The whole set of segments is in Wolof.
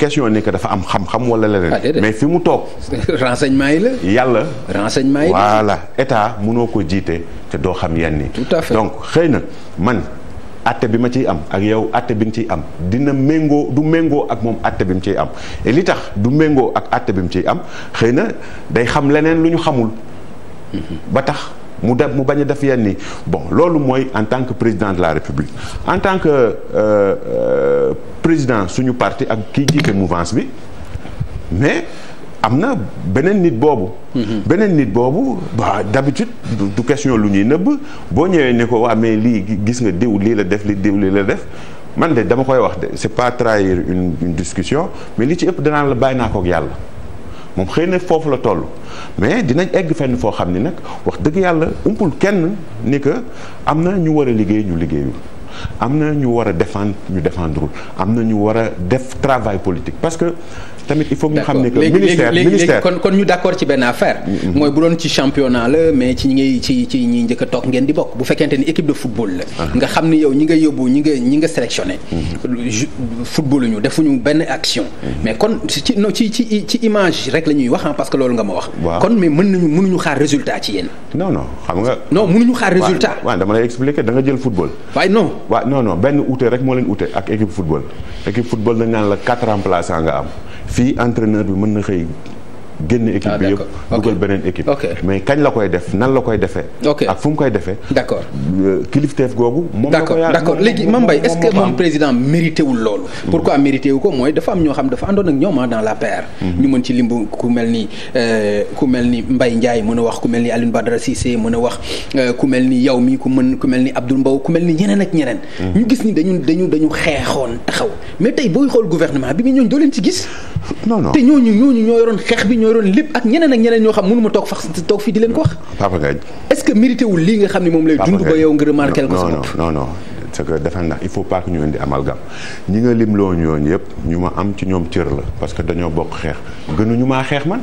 question ni que dafa am xam-xam wala leneen. Ah, mais fi mu toog. renseignement yi la. yàlla renseignement yi la voilà état mënoo ko jiite te doo xam yenn yi. tout à fait donc xëy na man. atte bi ma ciy am ak yow atte bi nga ciy am dina méngoo du méngoo ak moom atte bi mu ciy am et li tax du méngoo ak atte bi mu ciy am xëy na day xam leneen lu ñu xamul mm-hmm. ba tax mu def mu bañ a def yenn yi bon loolu mooy en tant que président de la république en tant que euh, euh président suñu partie ak kii jiite mouvance bi mais am na beneen nit boobu. Mm-hmm. beneen nit boobu ba d'habitude du question lu ñuy nëbb boo ñëwee ne ko waa mais lii gis nga diw lii la def li diw lii la def man de dama koy wax de c'est pas trahir une une discussion mais li ci ëpp danaan la bàyyi naa kook yàlla. moom xëy na foofu la toll mais dinañ egg fenn foo xam ni nag wax dëgg yàlla umpul kenn ni que am na ñu war a liggéey ñu liggéeyul am na ñu war a défendre ñu défendrewul am na ñu war a def travail politique parce que tamit il faut ñu xam ne que ministère ministère kon kon ñu d'accord ci benn affaire. Mm, mm. mooy bu doon ci championnat la mais ci ñi njëkk a toog ngeen di bokk bu fekkente ni équipe de football la. Ah. nga xam ne yow ñi nga yóbbu ñi nga ñi nga sélectionné. Mm. football ñu benn action. mais kon ci non ci ci ci image rek la ñuy wax parce que loolu nga ma wax. kon mais mën ñu mënuñu xaar résultat ci yéen. non non xam nga. non mënuñu xaar résultat. waaw dama lay expliquer da nga jël football. waaye non. waaw non non benn uute rek moo leen fii entraîneur bi mën na xëy génn ah, équipe bi yëpp dugal beneen équipe mais kañ la koy def nan la koy defee ak fu mu koy defee d'accord euh, kilifteef googu moom d'accord d'accord léegi Mame Mbaye est-ce que moom président mérité wul loolu pourquoi mérité wu ko mooy dafa am ñoo xam dafa àndoon ak ñooma ah, dans la paire mhm. ñu mën ci limbu ku mel ni euh, ku mel ni Mbaye Ndiaye mën a wax ku mel ni Alioune Badara Cissé mën a wax euh, ku mel ni yow mii ku mën ku mel ni Abdoul mbaw ku mel ni ñeneen ak ñeneen mhm. ñu gis ni dañu dañu dañu xeexoon taxaw mais tey booy xool gouvernement bi mi ñooñ doo leen ci gis non te ñooñu ñooñu ñoo yoroon xeex bi ñoo yoroon lépp ak ñeneen ak ñeneen ñoo xam mënu ma toog fax toog fii di leen ko wax. Papa Ngagne est-ce que mérité wul lii nga xam ne moom lay. dund ba yow nga remarqué ko sa bopp non non c'est que dafa ndax il faut pas que ñu indi amalgam ñi nga limloo ñooñu yëpp ñu ma am ci ñoom cër la parce que dañoo bokk xeex gënuñu maa xeex man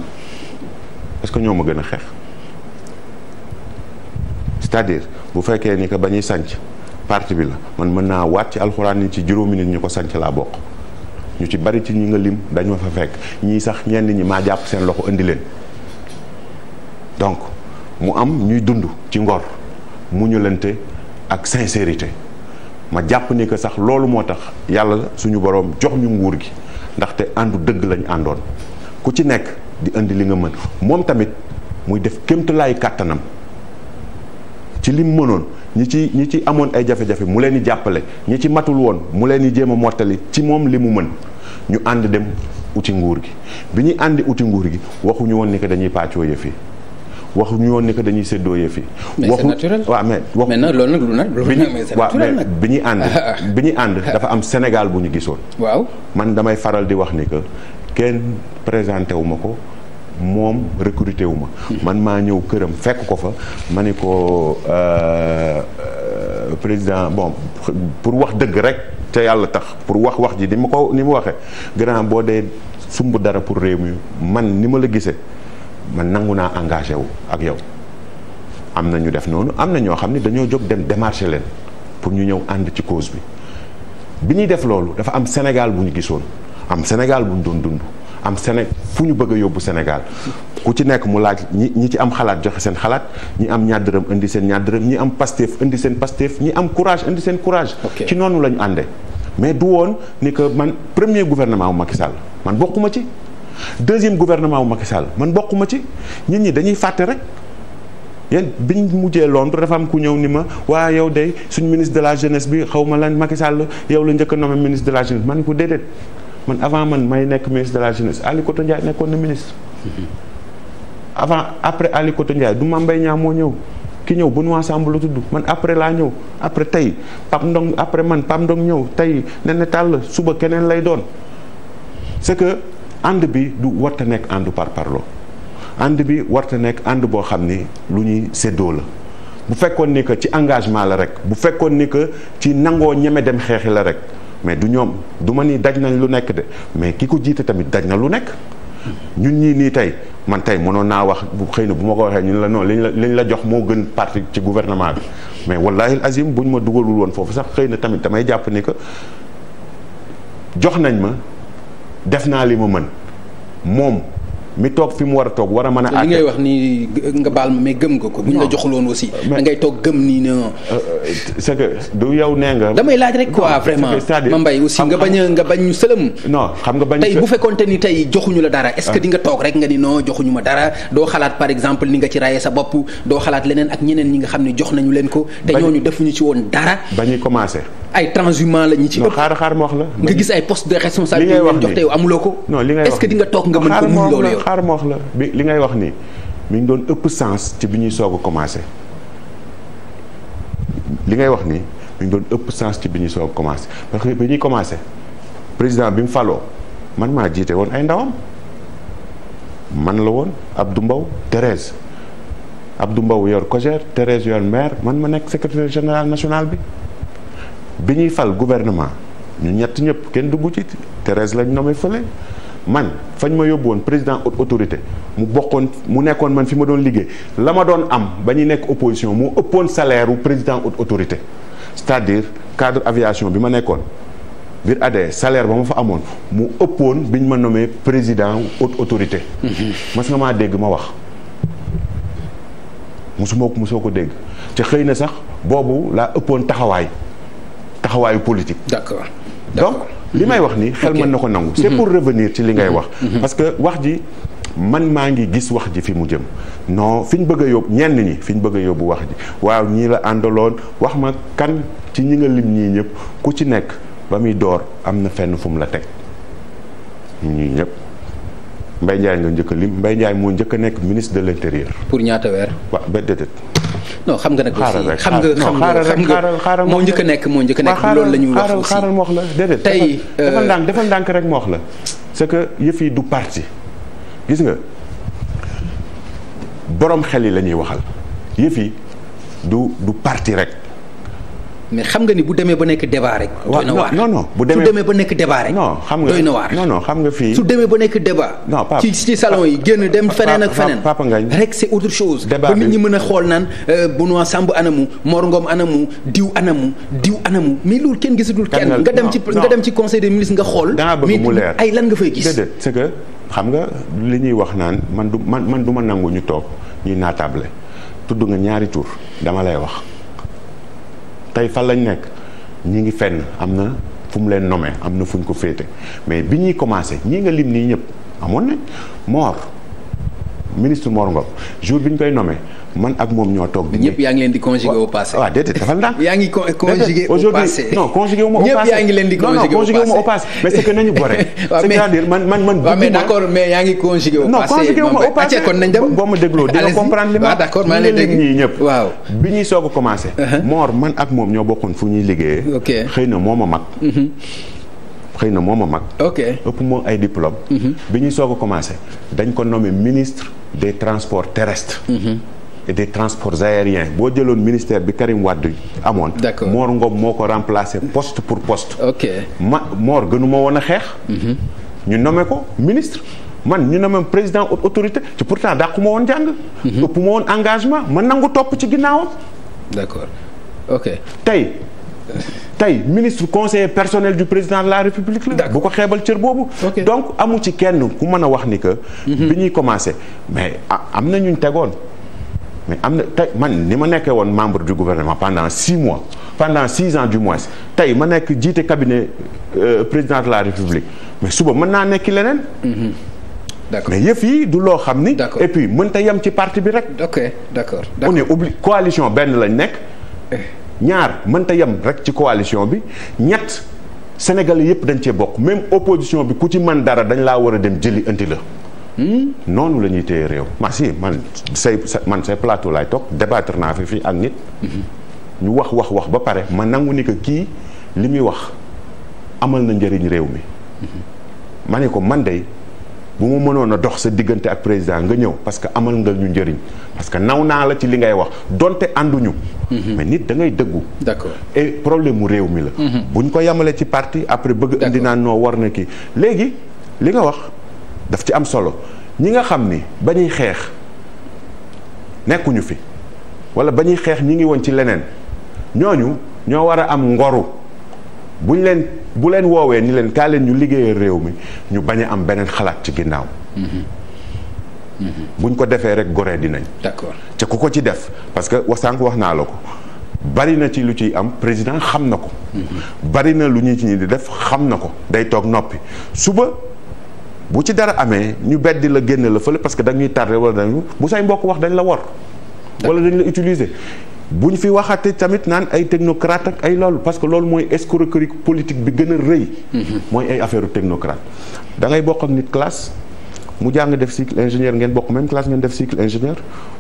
parce que ñoo ma gën a xeex cest à bu fekkee ni que ba ñuy sànc parti bi la man mën naa waat ci alxuraan ni ci juróomi nit ñu ko sànc laa bokk ñu ci bari ci ñi nga lim dañ ma fa fekk ñii sax ñenn ñi maa jàpp seen loxo indi leen donc mu am ñuy dund ci ngor mu ñu lente ak sincérité ma jàpp ni que sax loolu moo tax yàlla suñu boroom jox ñu nguur gi ndaxte àndu dëgg lañ àndoon ku ci nekk di indi li nga mën moom tamit muy def kémtalaay kàttanam ci lim mënoon ñi ci ñi ci amoon ay jafe-jafe mu leen di jàppale ñi ci matul woon mu leen di jéem a mottali ci moom li mu mën ñu ànd dem uti nguur gi bi ñuy àndi uti nguur gi waxuñu woon ni que dañuy pàccoo yëf yi waxuñu woon ni que dañuy séddoo yëf yi. waxu waaw mais wax mais nag loolu nag lu nag lu nag bi ñuy ànd ah, ah. bi ñuy ànd dafa am Sénégal bu ñu gisoon. waaw man damay faral di wax ni que kenn présenté wu ma ko. moom recruté wu ma. Hmm. man maa ñëw këram fekk ko fa ma ni ko euh, euh, président bon pour wax dëgg rek te yàlla tax pour wax wax ji ni ma ko ni mu waxee grand boo dee sumb dara pour réew mi man ni ma la gisee man nangu naa engagé wu ak yow. am na ñu def noonu am na ñoo xam ne dañoo jóg dem démarché leen pour ñu ñëw ànd ci cause bi bi ñuy def loolu dafa am Sénégal bu ñu gisoon am Sénégal bu ñu doon dund. am Séné fu ñu bëgg a yóbbu Sénégal ku ci nekk mu laaj ñi ñi ci am xalaat joxe seen xalaat ñi am ñaar dërëm indi seen ñaar dërëm ñi am Pastef indi seen Pastef ñi am courage indi seen courage. ci noonu la ñu àndee. mais du woon ni que man premier gouvernement wu Macky Sall man bokkuma ci deuxième gouvernement wu Macky Sall man bokkuma ci nit ñi dañuy fàtte rek. yéen biñ mujjee Londres dafa am ku ñëw ni ma waa yow de suñu ministre de la jeunesse bi xaw ma lan Macky Sall yow la njëkk a nommé ministre de la jeunesse man ko déedéet. man avant man may nekk ministre de la jeunesse Ali Koto Ndiaye nekkoon na ministre. avant après Ali Koto du Mame Mbaye moo ñëw. ki ñëw Benoît Sambou la tudd man après laa ñëw après tey Pape Ndong après man Pape Ndong ñëw tey Néné Tall suba keneen lay doon c'est que ànd bi du warta nekk ànd par parlo ànd bi warta nekk ànd boo xam ni lu ñuy seddoo la bu fekkoon ni que ci engagement la rek bu fekkoon ni que ci nangoo ñeme dem xeexi la rek mais du ñoom du ma nii daj nañ lu nekk de mais ki ko jiite tamit daj na lu nekk ñun ñii nii tey man tey mënoon naa wax bu xëy na bu ma ko waxee ñun la non lañ la liñ la jox moo gën parti ci gouvernement bi mais wallahi azim buñ ma dugalul woon foofu sax xëy na tamit damay jàpp ni que jox nañ ma def naa li ma mën moom mi toog fi mu war a toog war a man a. li ngay wax ni nga baal ma mais gëm nga ko. bu ñu la joxuloon aussi. da ngay toog gëm nii ne. Euh, euh, c' est que du nga. damay laaj rek quoi vraiment ma mbay aussi nga bañ a nga bañ ñu sëlëm. xam nga bañ tey bu fekkonte ni tey joxuñu la dara. est ce que ah. toog rek nga ni non joxuñu ma dara doo xalaat par exemple ni nga ci raye sa bopp doo xalaat leneen ak ñeneen ñi nga xam ne jox nañu leen ko. te ñooñu defuñu ci woon dara. ba ñuy commencé. ay la ñi ci ëpp xaar xaar ma nga gis ay poste de responsabilité. li ngay nga toog nga mën ko muñ loolu yow xaar ma wax la bi li ngay wax nii mi ngi doon ëpp sens ci bi ñuy soog a commencé li ngay wax nii mi ngi doon ëpp sens ci bi ñuy soog a commencé parce que bi ñuy commencé président bi mu faloo man maa jiite woon ay ndawam man la woon ab Abdou Mbow Thérèse Abdou Mbow yor COJER Thérèse yor maire man ma nekk secrétaire général national bi bi ñuy fal gouvernement ñu ñett ñëpp kenn dugg ci Thérèse lañ nommé fële man fañ ma yóbbu woon président haute autorité mu bokkoon mu nekkoon man fi ma doon liggéey la ma doon am ba ñuy nekk opposition moo ëppoon salaire wu président haute autorité cest à cadre aviation bi ma nekkoon biir ADS salaire ba ma fa amoon mu ëppoon bi ñu ma nomee président haute autorité mas nga maa dégg ma wax musuma ko musoo ko dégg te xëy na sax boobu laa ëppoon taxawaay taxawaayu politique d'accord li may wax ni xel mën na ko nangu c'est mhm. pour revenir ci li ngay mhm. wax mhm. parce que wax ji man maa ngi gis wax ji fi mu jëm non fi ñu bëgg a yóbbu ñenn ñi fi bëgg a yóbbu wax ji waaw ñii la àndaloon wax ma kan ci ñi nga lim ñii ñëpp ku ci nekk ba muy door am na fenn fu mu la teg ñii ñëpp Mbaye Ndiaye nga njëkk a lim mbay Ndiaye moo njëkk nekk ministre de l'intérieur. pour ñaata weer. waaw ba non xam nga nag xam nga xam nga xam moo njëkk nekk moo njëkk a nekk loolu la ñuy wax aussi la déedéet tey defal euh, ndànk defal ndànk rek moox la c'est que yëf yi du parti gis nga borom xel yi la ñuy waxal yëf yi du du parti rek mais xam nga ni bu demee ba nekk débat rek. doy na waar non non bu demee su demee ba nekk débat rek. non xam nga doy na waar non non xam nga fii. su demee ba nekk débat. non papa ci ci salon yi génn dem feneen ak feneen. papa ngañ rek c'est autre chose. débat ba nit ñi mën a xool naan euh, Benoît Samb anamu Mor Ngom anamu diw anamu diw anamu mais loolu kenn gisatul kenn. nga dem ci nga dem ci conseil des ministres nga xool. dangaa bëgg mu leer ay lan nga fay gis. déedéet c'est que xam nga li ñuy wax naan man du man man du ma nangu ñu toog ñuy naatable tudd nga ñaari tur dama lay wax tey fan lañ nekk ñi ngi fenn am na fu mu leen nommé am na fu ñu ko féete mais bi ñuy commencé ñii nga lim nii ñëpp amoon nañ Mor ministre Mor Ngom jour bi ñu koy nommé man ak moom ñoo toog. di ñëpp yaa ngi leen di conjuguer au passé. waaw déedéet dafa ndànk. yaa ngi conjuguer au passé non conjuguer wu ma au passé ñëpp yaa ngi leen di. conjuguer au passé mais c'est que nañu bore. c'est-à-dire man man man. waaw mais d'accord mais yaa ngi conjuguer au passé. non conjuguer wu ma au passé kon nañ dem. boo ma dégloo di nga comprendre li ma. waaw ah, d'accord maa ngi lay dégg ñii ñëpp. waaw bi ñuy soog a commencé. Uh-huh. Mor man ak moom ñoo bokkoon fu ñuy liggéeyee. ok xëy na moo ma mag. Mm-hmm. xëy na moo ma mag. ok ëpp moo ay diplôme. Mm-hmm. bi ñuy soog a commencé dañ ko nommé ministre des transports terrestres. Mm-hmm. des transports aériens boo jëloon ministère bi Karim Wade amoon. d'accord Mor Ngom moo ko remplacé post pour post ok ma moor gënu ma woon a xeex. Mhm. ñu nommé ko ministre. man ñu ne ma président autorité ci pourtant dàqu ma woon jàng. Mhm. ëpp ma woon engagement ma nangu topp ci ginnaaw d'accord ok tey. tey ministre conseiller personnel du président de la république la bu ko xeebal cër boobu donc amu ci kenn ku mën a wax ni que mhm. bi ñuy commencé mais ah, am na ñu ñu tegoon mais am na tey man ni ma nekkee woon membre du gouvernement pendant six mois pendant six ans du moins tey ma nekk jiite cabinet euh, président de la république mais suba mën naa nekki leneen. Mhm. d'accord mais yëf yi du loo xam ni. d'accord et puis mënta yem ci parti bi rek. ok d'accord d'accord on est obligé coalition benn lañ nekk. Eh. ñaar mënta yem rek ci coalition bi ñett sénégal yëpp dañ cee bokk même opposition bi ku ci mën dara dañ laa war a dem jëli indi la. noonu la ñuy téye réew. ma si man say man say plateau laay toog débattre naa fi fii ak nit. ñu wax wax wax ba pare ma nangu ni que kii li muy wax amal na njëriñ réew mi. ma ne ko man dey bu ma mënoon a dox sa diggante ak président nga ñëw parce que amal nga ñu njëriñ parce que naw naa la ci li ngay wax donte ànduñu. Mhm. mais nit da ngay dëggu. d'accord et problème mu réew mi la. Mhm. bu ñu ko yemalee ci parti après bëgg indi naan noo war na kii léegi li nga wax. daf ci am solo ñi nga xam ni bañuy xeex nekkuñu fi wala bañuy xeex ñi ngi woon ci leneen ñooñu ñoo war a am ngoru buñ leen bu leen woowee ni leen kaa leen ñu liggéeyee réew mi ñu bañ a am beneen xalaat ci ginnaaw. Mm-hmm. Mm-hmm. buñ ko defee rek goree dinañ. d'accord te ku ko ci def parce que wasànq wax naa la ko. bari na ci lu ciy am président xam na ko. Mm-hmm. bari na lu ñu ci ñi di def xam na ko. day toog noppi bu ci dara amee ñu beddi la génne la fële parce que ñuy tardé wala dañu bu say mbokk wax dañ la wor wala dañ la utiliser bu ñu fi waxate tamit naan ay technocrate ak ay loolu parce que loolu mooy escroquerie politique bi gën a rëy mhm. mooy ay affaire u technocrate dangay bokk ak nit classe mu jàng def cycle ingénieur ngeen bokk même classe ngeen def cycle ingénieur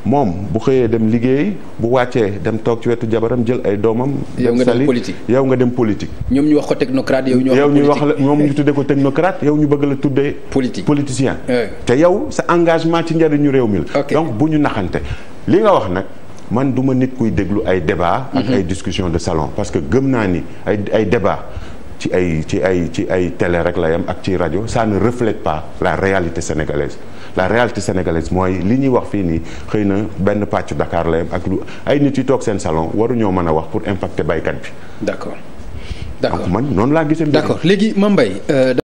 moom bu xëyee dem liggéey bu wàccee dem toog ci wetu jabaram jël ay doomam. yow nga dem politique yow nga dem politique. ñoom ñu wax ko technocrate yow. ñu wax la ñoom ñu eh. tuddee ko technocrate yow ñu bëgg la tuddee. politique politicien. Eh. te yow sa engagement ci njariñu réew mi la. donc bu ñu naxante li nga wax nag. man du ma nit kuy déglu ay débat ak mhm. ay discussion de salon parce que gëm naa ni ay ay débat ci ay ci ay ci ay télé rek la yam ak ci rajo ça ne reflète pas la réalité sénégalaise la réalité sénégalaise mooy li ñuy wax fii nii xëy na benn pàcc Dakar la ak lu ay nit yu toog seen salon waruñoo mën a wax pour impacter baykat bi. d'accord d'accord man noonu laa gisee. d'accord léegi Mame Mbaye euh,